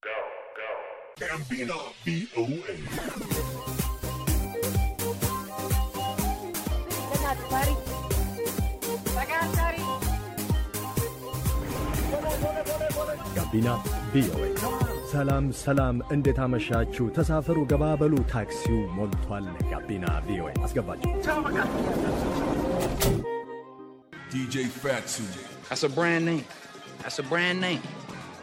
ጋቢና ቪኦኤ ሰላም ሰላም፣ እንዴት አመሻችሁ? ተሳፈሩ፣ ገባበሉ፣ ታክሲው ሞልቷል። ጋቢና ቪኦኤ አስገባችሁ። DJ Fatsu. That's a brand name. That's a brand name.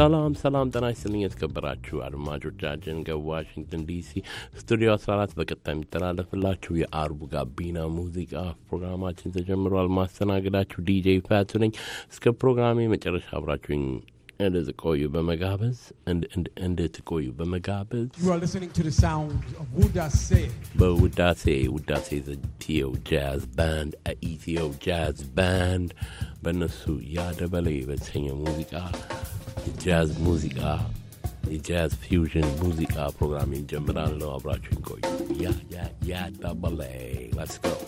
ሰላም ሰላም፣ ጤና ይስጥልኝ የተከበራችሁ አድማጮቻችን ከዋሽንግተን ዲሲ ስቱዲዮ 14 በቀጥታ የሚተላለፍላችሁ የአርቡ ጋቢና ሙዚቃ ፕሮግራማችን ተጀምሯል። ማስተናገዳችሁ ዲጄ ፋቱ ነኝ። እስከ ፕሮግራሜ መጨረሻ አብራችሁኝ እንድትቆዩ በመጋበዝ እንድትቆዩ በመጋበዝ በውዳሴ ውዳሴ ኢትዮ ጃዝ ባንድ ኢትዮ ጃዝ ባንድ በእነሱ ያደበለ በተሰኘ ሙዚቃ የጃዝ ሙዚቃ የጃዝ ፊውዥን ሙዚቃ ፕሮግራም እንጀምራለሁ። አብራችሁን ቆዩ። ያ ያ ያ ዳባላይ ላስቀው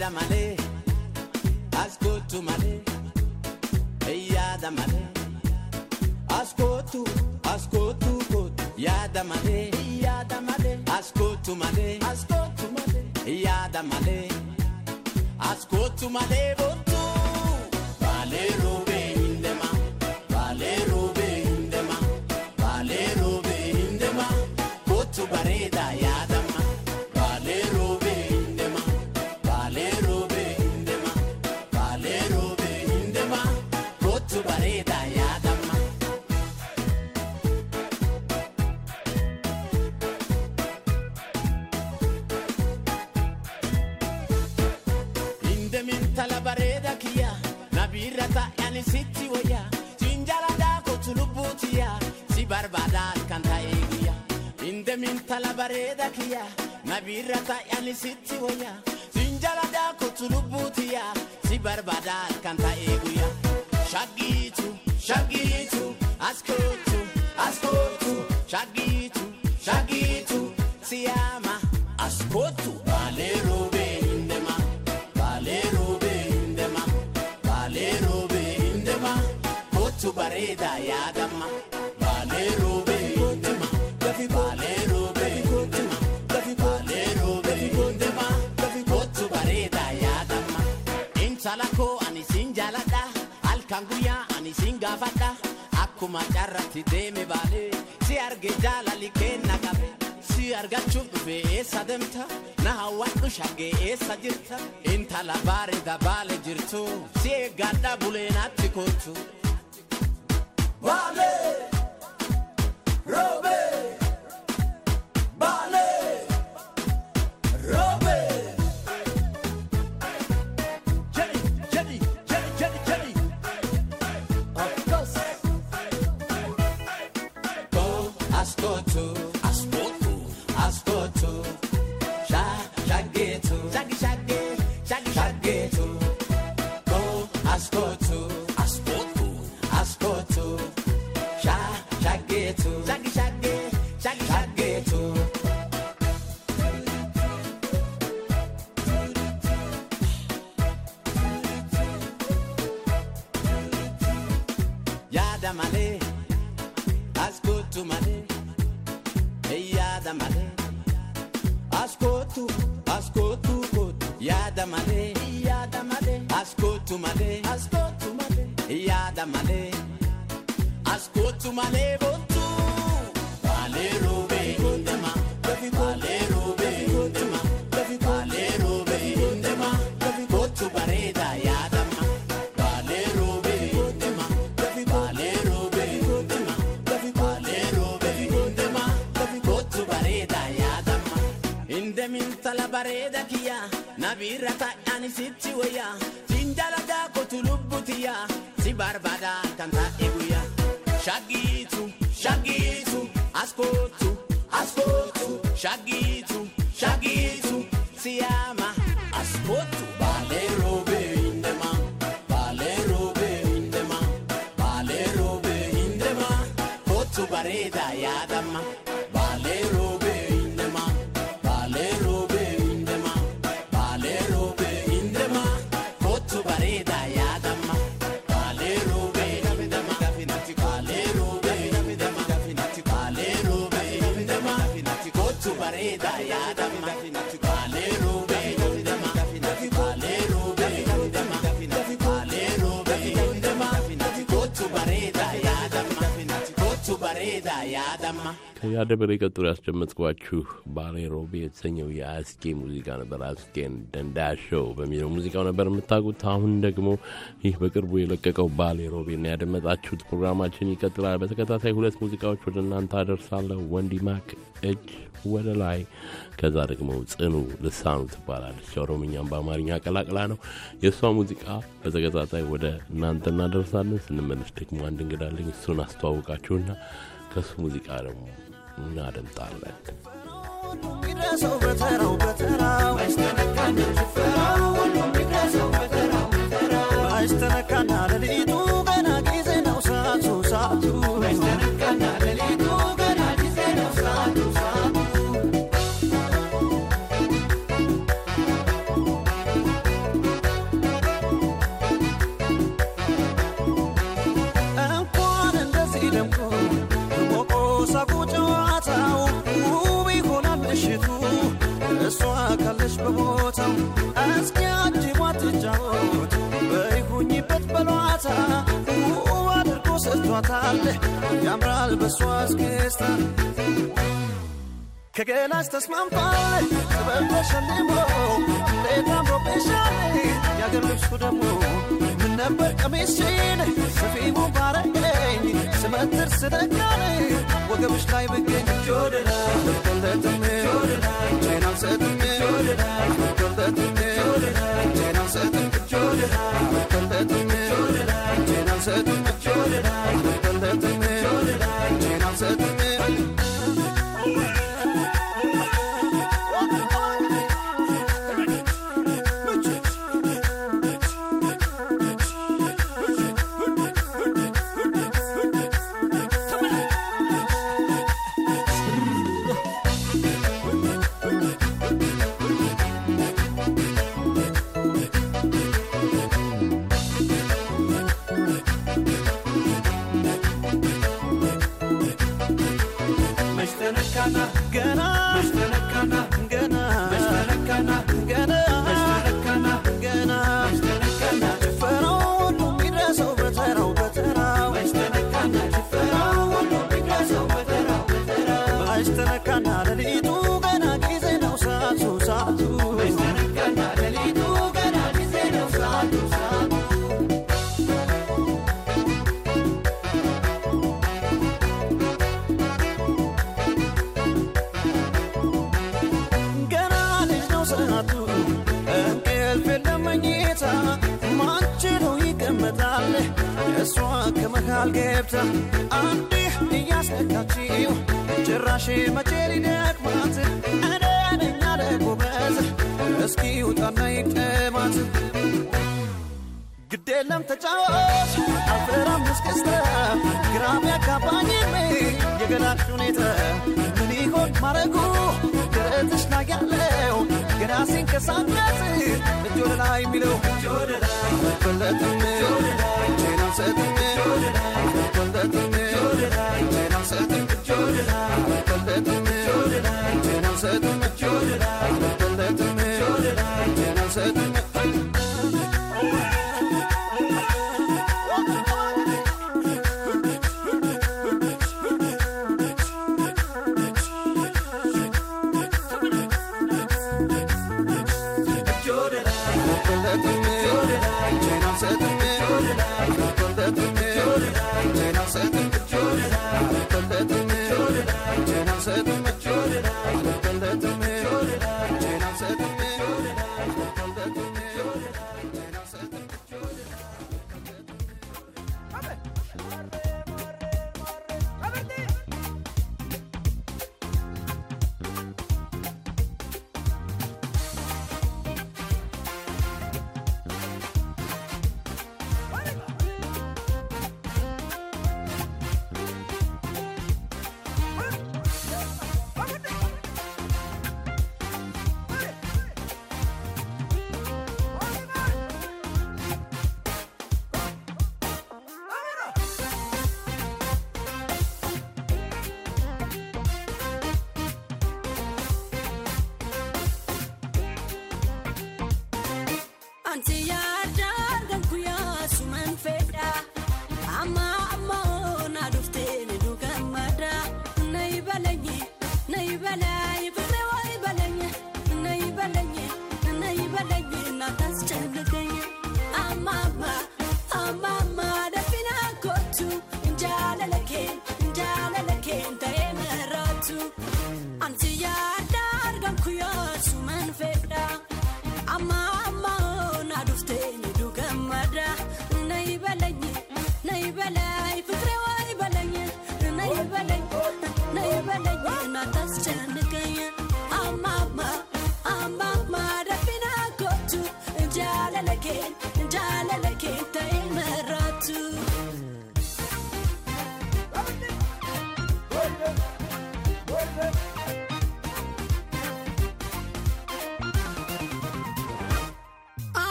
yaada malee as gootu malee yaada malee as gootu as gootu gootu yaada malee yaada malee as gootu malee as gootu malee yaada malee as gootu malee bootu. Oh. barbaadaan kan ta'ee guyyaa Indemin tala bareeda kiyya nabiirra taa'an sitti wayya Sinjala daakutu lubbuutiyya si barbaadaan kan ta'ee guyyaa Shagiitu shagiitu as kootu as kootu shagiitu shagiitu siyaama as kootu baalee roobee hin deema baalee roobee hin deema baalee roobee hin deema kootu bareeda yaadama. isiin gaafadha akkuma carratti deeme baalee si arge jaalali keenna qabe si argachuuf dhufe eessa demta na hawwadhu shaggee eessa jirta intala bareeda baale jirtu si eeggadha buleenatti kootu. Baale. malee malee askootu malee malee yaada malee malee boontuu. Baalee roobee hundeema baalee roobee hundeema baalee roobee hundeema kootu bareedaa yaada ma. Baalee roobee hundeema baalee roobee hundeema baalee roobee hundeema kootu bareedaa yaada ma. Indemin tala bareeda kiyya. Nabirata ani sitti wayyaa jindalagaa kotu lubbutiyyaa si barbaada kan taa'e guyyaa. Shagiitu shagiitu as አደብ በቀጥሎ ያስደመጥኳችሁ ባሬ ሮቤ የተሰኘው የአስኬ ሙዚቃ ነበር። አስጌን ደንዳሸው በሚለው ሙዚቃው ነበር የምታውቁት። አሁን ደግሞ ይህ በቅርቡ የለቀቀው ባሌ ሮቤ እና ያደመጣችሁት። ፕሮግራማችን ይቀጥላል። በተከታታይ ሁለት ሙዚቃዎች ወደ እናንተ አደርሳለሁ። ወንዲ ማክ እጅ ወደ ላይ፣ ከዛ ደግሞ ጽኑ ልሳኑ ትባላለች። ኦሮምኛም በአማርኛ ቀላቅላ ነው። የእሷ ሙዚቃ በተከታታይ ወደ እናንተ እናደርሳለን። ስንመለስ ደግሞ አንድ እንግዳለኝ እሱን አስተዋውቃችሁና ከሱ ሙዚቃ ደግሞ እናደምጣለን። ሚድረሰው በተራው በተራው አይስተነካና ጭፈራው አይስተነካና ሌሊቱ ገና ጊዜ ነው ሰዓቱ ሰዓቱ አይስተነካ ብሏታል ውብ አድርጎ ሰጥቷታል ያምራል በሷ አስጌስታ ከገላሽ ተስማምቷል ጥበብ እንዴት አምሮብሻል የአገር ልብሱ ደግሞ ምን ነበር ቀሚስሽን ባረገኝ ስመትር ስደጋል ወገብሽ ላይ ብገኝ ጆድና ገብታ አንዴ እያስነካችው ጭራሽ መቼሪ ማት እኔነኛ ለጎበዝ እስኪ ውጣና ይቅማት ግዴለም ተጫወት አልፈራም እስክስተ ግራም ያጋባኝ የገላሽ ሁኔታ ምን ይሆን ማረጉ ደረትሽ ላይ ያለው ገና ሲንቀሳቀስ እጆ ላይ የሚለው በለትም good life.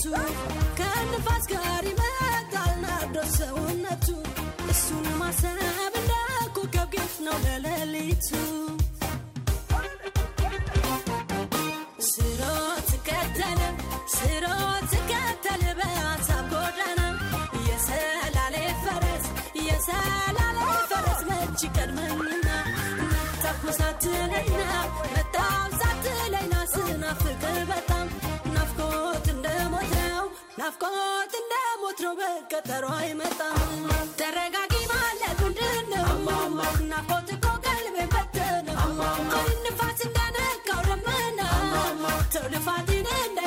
ጩኸቱ ከንፋስ ጋር ይመጣል ናርዶ ሰውነቱ እሱን ማሰብ እንደ ኮከብ ጌጥ ነው ለሌሊቱ ስሮ ትከተል ስሮ ትከተል በአሳብ ጎዳና የሰላሌ ፈረስ የሰላሌ ፈረስ መች ቀድመኝና መጣሁ ሳትለኝና መጣሁ በጣም ናፍቆት እንደ ሞት ነው በቀጠሮ አይመጣም። ተረጋጊ ማለት ምንድን ነው? ናፍቆት እኮ ቀልቤ በተነው ቆይ ንፋስ እንደነካው ደመና ሰው ልፋትን እንደ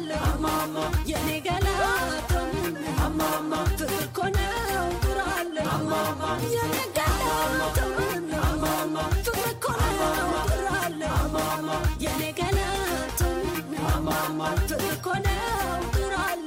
ይወጣል የኔ ገላ ፍቅር ኮነው ዱራል የኔ ገላ ፍቅር ኮነው ዱራል የኔ ገላ ፍቅር ኮነው ዱራል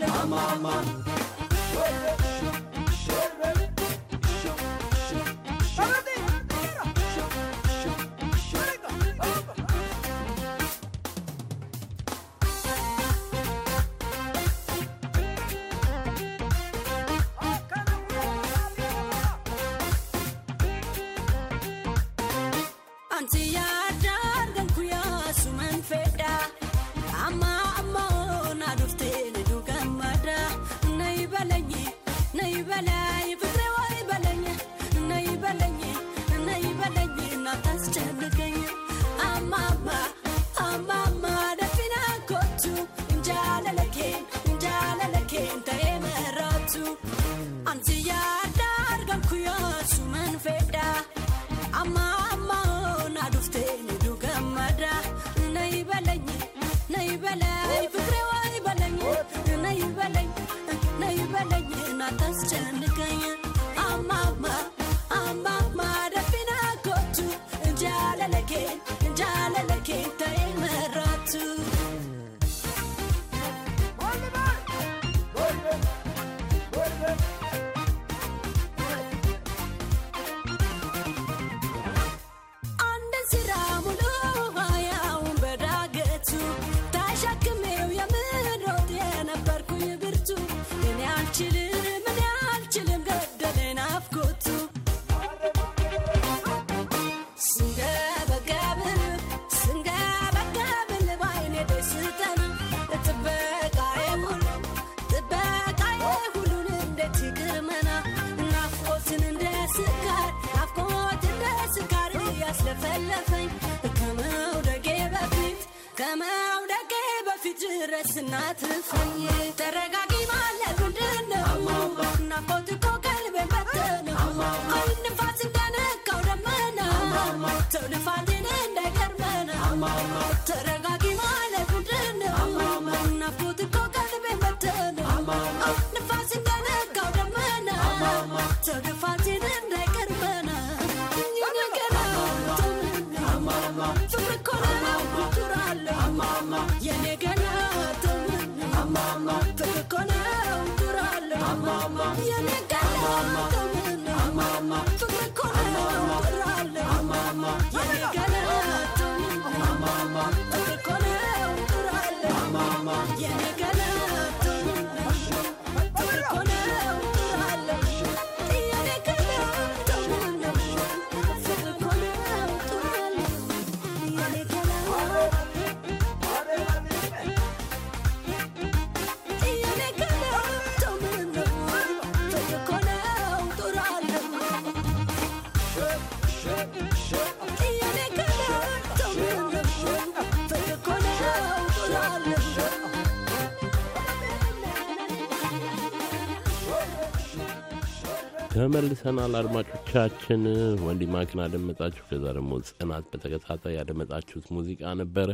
ተመልሰናል አድማጮቻችን። ወንዲ ማኪን አደመጣችሁ። ከዛ ደግሞ ጽናት በተከታታይ ያደመጣችሁት ሙዚቃ ነበረ።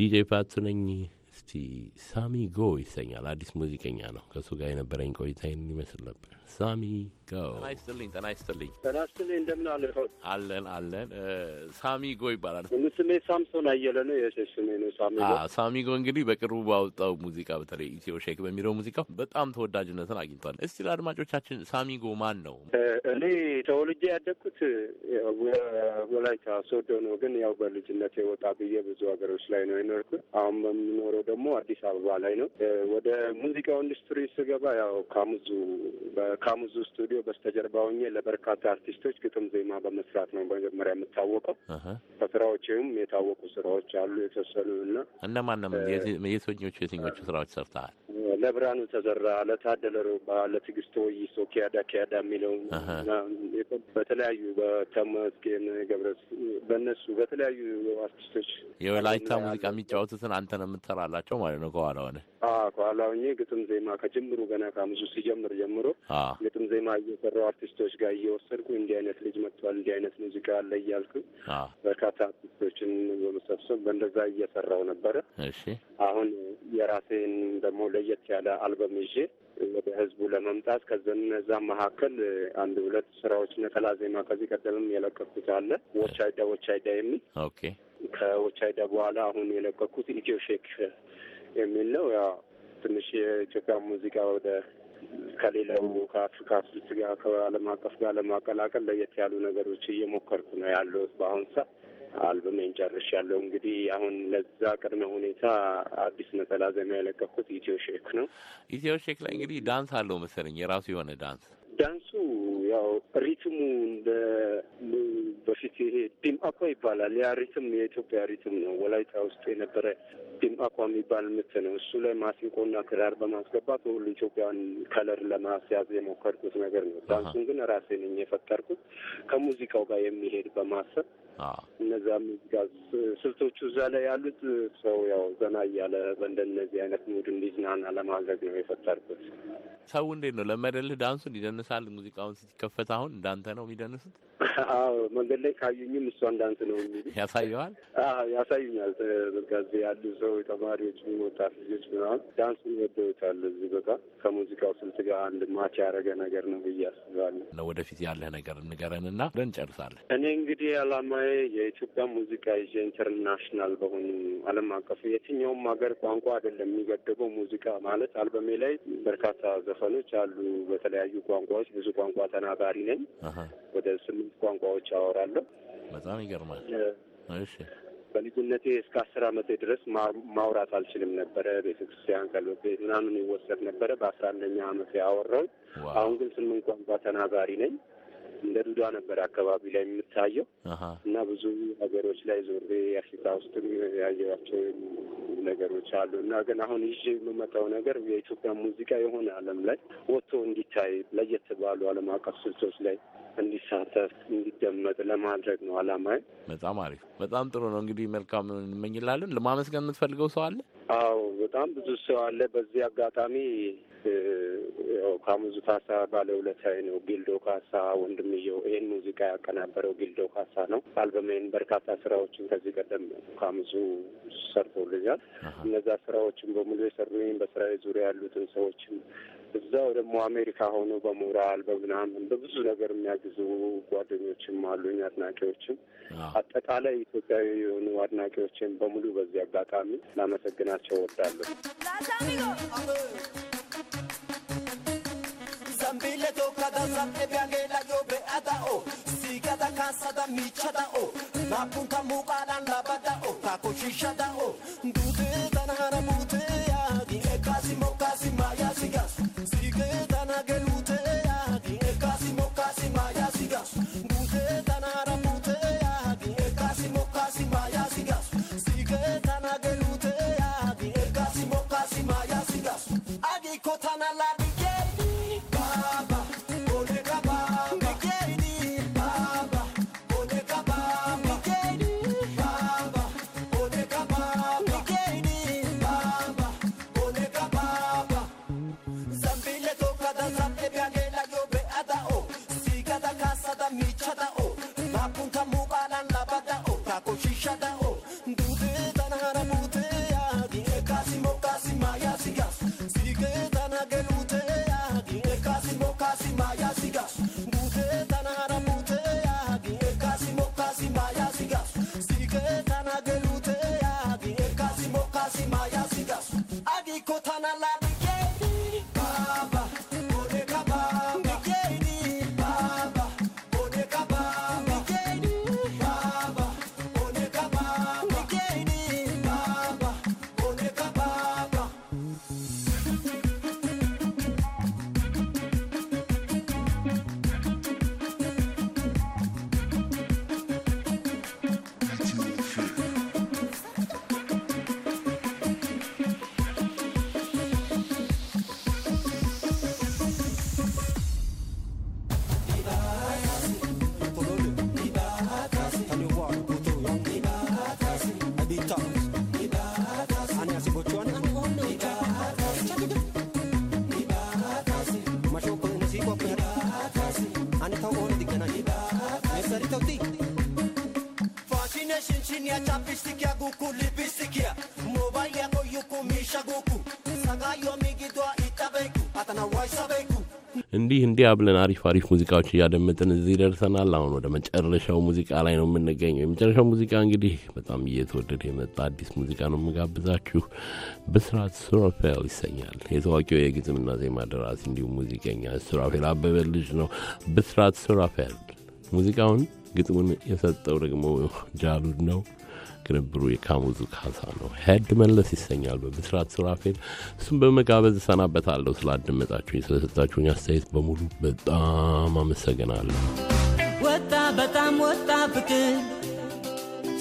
ዲጄ ፓቱ ነኝ። እስቲ ሳሚ ጎ ይሰኛል። አዲስ ሙዚቀኛ ነው። ከእሱ ጋር የነበረኝ ቆይታ ይህን ይመስል ነበር። ሳሚ ጎ ጤና ይስጥልኝ። ጤና ይስጥልኝ። ጤና ይስጥልኝ። እንደምን አለ አለን አለን። ሳሚጎ ይባላል ስሜ። ሳምሶን አየለ ነው የሸሽሜ ነው ሳሚጎ። ሳሚጎ እንግዲህ በቅርቡ ባወጣው ሙዚቃ በተለይ ኢትዮ ሼክ በሚለው ሙዚቃ በጣም ተወዳጅነትን አግኝቷል። እስቲ ለአድማጮቻችን ሳሚጎ ማን ነው? እኔ ተወልጄ ያደግኩት ወላይታ ሶዶ ነው፣ ግን ያው በልጅነት የወጣ ብዬ ብዙ ሀገሮች ላይ ነው የኖርኩት። አሁን በምኖረው ደግሞ አዲስ አበባ ላይ ነው። ወደ ሙዚቃው ኢንዱስትሪ ስገባ ያው ካሙዙ በካሙዙ ስቱዲዮ ከስቱዲዮ በስተጀርባ ሆኜ ለበርካታ አርቲስቶች ግጥም ዜማ በመስራት ነው መጀመሪያ የምታወቀው። በስራዎችም የታወቁ ስራዎች አሉ የተወሰኑ እና እነማን ነው የትኞቹ የትኞቹ ስራዎች ሰርተሃል? ለብርሃኑ ተዘራ፣ ለታደለ ሮባ፣ ለትዕግስት ወይሶ ኪያዳ ኪያዳ የሚለው በተለያዩ በተመስገን ገብረ በእነሱ በተለያዩ አርቲስቶች የወላይታ ሙዚቃ የሚጫወቱትን አንተ ነው የምትሰራላቸው ማለት ነው ከኋላ ሆነ ከኋላ ሆኜ ግጥም ዜማ ከጀምሩ ገና ከአምሱ ሲጀምር ጀምሮ ግጥም ዜማ የሰራው አርቲስቶች ጋር እየወሰድኩ እንዲህ አይነት ልጅ መጥቷል፣ እንዲህ አይነት ሙዚቃ አለ እያልኩ በርካታ አርቲስቶችን በመሰብሰብ በእንደዛ እየሰራው ነበረ። አሁን የራሴን ደግሞ ለየት ያለ አልበም ይዤ ወደ ህዝቡ ለመምጣት ከነዛ መካከል አንድ ሁለት ስራዎች ነጠላ ዜማ ከዚህ ቀደምም የለቀኩት አለ ወቻይዳ ወቻይዳ የሚል ከወቻይዳ በኋላ አሁን የለቀኩት ኢትዮ ሼክ የሚል ነው። ያው ትንሽ የኢትዮጵያ ሙዚቃ ወደ ከሌላው ከአፍሪካ ስልት ጋር ከዓለም አቀፍ ጋር ለማቀላቀል ለየት ያሉ ነገሮች እየሞከርኩ ነው ያለሁት በአሁን ሰዓት። አልበሜን ያለው እንግዲህ አሁን ለዛ ቅድመ ሁኔታ አዲስ ነጠላ ዜማ የለቀኩት ሼክ ነው። ሼክ ላይ እንግዲህ ዳንስ አለው መሰለኝ የራሱ የሆነ ዳንስ ዳንሱ ያው ሪትሙ በፊት ይሄ ዲምአኳ ይባላል። ያ ሪትም የኢትዮጵያ ሪትም ነው። ወላይታ ውስጥ የነበረ ዲምአኳ የሚባል ምት ነው። እሱ ላይ ማሲንቆና ክራር በማስገባት በሁሉ ኢትዮጵያን ከለር ለማስያዝ የሞከርኩት ነገር ነው። ዳንሱን ግን ራሴ ነኝ የፈጠርኩት ከሙዚቃው ጋር የሚሄድ በማሰብ እነዛ ሙዚቃ ስልቶቹ እዛ ላይ ያሉት ሰው ያው ዘና እያለ በእንደነዚህ አይነት ሙድ እንዲዝናና ለማድረግ ነው የፈጠርኩት። ሰው እንዴት ነው ለመደልህ? ዳንሱን ይደንሳል። ሙዚቃውን ሲከፈት አሁን እንዳንተ ነው የሚደንሱት? አዎ መንገድ ላይ ካዩኝም እሷ እንዳንተ ነው የሚሉ ያሳየዋል። ያሳዩኛል። በቃ እዚህ ያሉ ሰው ተማሪዎች፣ ወጣት ልጆች ምናምን ዳንሱን ወደውታል። እዚህ በቃ ከሙዚቃው ስልት ጋር አንድ ማች ያደረገ ነገር ነው ብዬ አስባለሁ። ወደፊት ያለህ ነገር ንገረንና ብለን እንጨርሳለን። እኔ እንግዲህ አላማ የኢትዮጵያ ሙዚቃ ይዤ ኢንተርናሽናል በሆኑ ዓለም አቀፉ የትኛውም ሀገር ቋንቋ አይደለም የሚገደበው ሙዚቃ ማለት አልበሜ ላይ በርካታ ዘፈኖች አሉ በተለያዩ ቋንቋዎች። ብዙ ቋንቋ ተናጋሪ ነኝ። ወደ ስምንት ቋንቋዎች አወራለሁ። በጣም ይገርማል። እሺ በልጅነቴ እስከ አስር ዓመቴ ድረስ ማውራት አልችልም ነበረ። ቤተክርስቲያን ቀልቤ ምናምን ይወሰድ ነበረ። በአስራ አንደኛ ዓመቴ አወራው። አሁን ግን ስምንት ቋንቋ ተናጋሪ ነኝ። እንደ ዱዳ ነበር አካባቢ ላይ የምታየው እና ብዙ ሀገሮች ላይ ዞሬ አፍሪካ ውስጥም ያየኋቸው ነገሮች አሉ እና ግን አሁን ይዤ የምመጣው ነገር የኢትዮጵያ ሙዚቃ የሆነ ዓለም ላይ ወጥቶ እንዲታይ ለየት ባሉ ዓለም አቀፍ ስልቶች ላይ እንዲሳተፍ እንዲደመጥ ለማድረግ ነው አላማዬ። በጣም አሪፍ፣ በጣም ጥሩ ነው። እንግዲህ መልካም እንመኝላለን። ለማመስገን የምትፈልገው ሰው አለ? አዎ፣ በጣም ብዙ ሰው አለ። በዚህ አጋጣሚ ካሙዙ ካሳ ባለውለታዬ ነው። ጊልዶ ካሳ ወንድምየው ይህን ሙዚቃ ያቀናበረው ጊልዶ ካሳ ነው። አልበሜን በርካታ ስራዎችን ከዚህ ቀደም ካሙዙ ሰርቶልኛል። እነዛ ስራዎችን በሙሉ የሰሩኝ በስራዬ ዙሪያ ያሉትን ሰዎችም እዛው ደግሞ አሜሪካ ሆኖ በሞራል በምናምን በብዙ ነገር የሚያግዙ ጓደኞችም አሉኝ፣ አድናቂዎችም አጠቃላይ ኢትዮጵያዊ የሆኑ አድናቂዎችን በሙሉ በዚህ አጋጣሚ ላመሰግናቸው ወዳለሁ። እወዳለሁ። እንዲህ እንዲህ አብለን አሪፍ አሪፍ ሙዚቃዎች እያደመጥን እዚህ ደርሰናል። አሁን ወደ መጨረሻው ሙዚቃ ላይ ነው የምንገኘው። የመጨረሻው ሙዚቃ እንግዲህ በጣም እየተወደደ የመጣ አዲስ ሙዚቃ ነው የምጋብዛችሁ። ብስራት ሱራፌል ይሰኛል። የታዋቂው የግጥምና ዜማ ደራሲ እንዲሁም ሙዚቀኛ ሱራፌል አበበ ልጅ ነው ብስራት ሱራፌል። ሙዚቃውን ግጥሙን የሰጠው ደግሞ ጃሉድ ነው። ቅንብሩ የካሙዙ ካሳ ነው። ሄድ መለስ ይሰኛል በብስራት ሱራፌል። እሱም በመጋበዝ እሰናበታለሁ። ስላደመጣችሁኝ፣ ስለሰጣችሁኝ አስተያየት በሙሉ በጣም አመሰግናለሁ። ወጣ በጣም ወጣ ፍቅር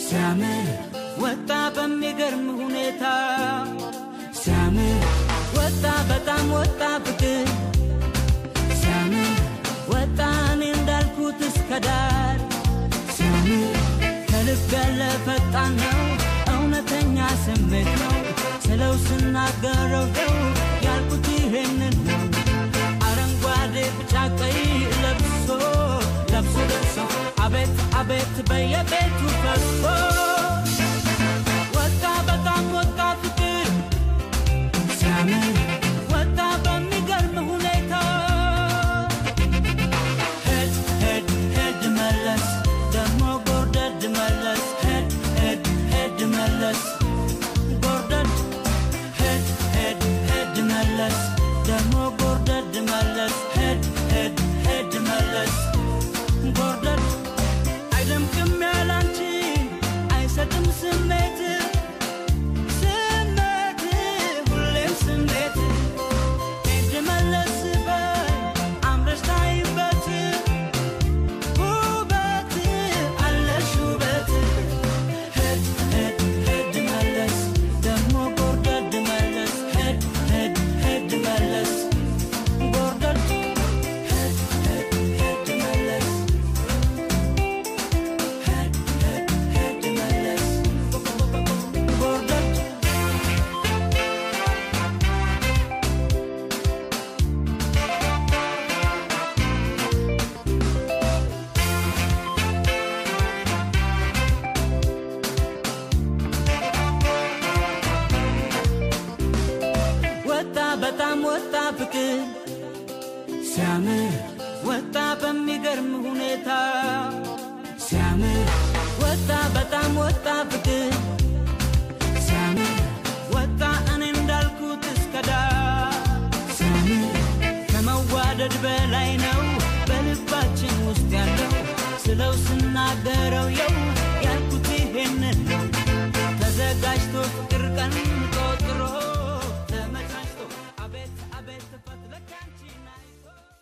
ሲያምር ወጣ በሚገርም ሁኔታ ሲያምር ወጣ በጣም ወጣ ፍቅር ሲያምር ወጣ እኔ እንዳልኩት እስከዳር። ሲያምር ልብ ያለ ፈጣን ነው፣ እውነተኛ ስሜት ነው። ስለው ስናገረው ደው ያልኩት ይሄንን ነው። አረንጓዴ ቢጫ ቀይ ለብሶ ለብሶ ደርሶ አቤት አቤት በየቤቱ ፈሶ